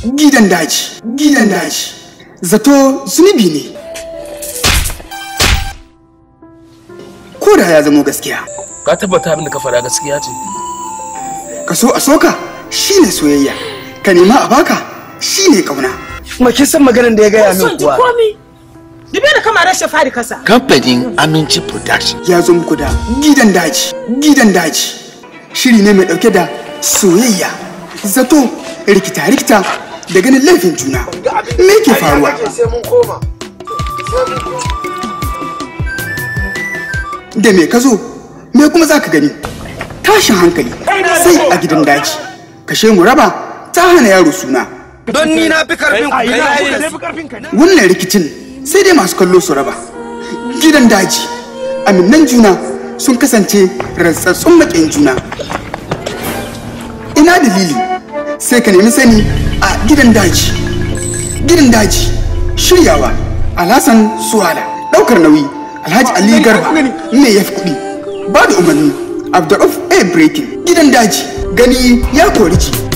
gidan daji gidan daji zato zunubi ne ko da ya zamo gaskiya ka tabbata abin da ka fara gaskiya ce ka so a soka shine soyayya ka nema a baka shine kauna kuma kin san maganar da ya gaya min kuwa Dibe da kamar rashin fari kasa. Kamfanin Aminci Production. Ya zo muku da gidan daji, gidan daji. Shiri ne mai ɗauke da soyayya, zato, rikita-rikita, da ganin laifin juna me ke faruwa da me ka zo me kuma za ka gani tashin hankali sai a gidan daji kashe mu raba ta hana yaro suna don ni na fi karfin wannan rikicin sai dai masu kallo su raba gidan daji aminan juna sun kasance rantsatsun maƙin juna ina dalili sai ka nemi sani a gidan daji gidan daji shiryawa alhassan suwala daukar nauyi alhaji ali garba ne ya fi kuɗi ba da umarni of Air breaking gidan daji gani ya kori ji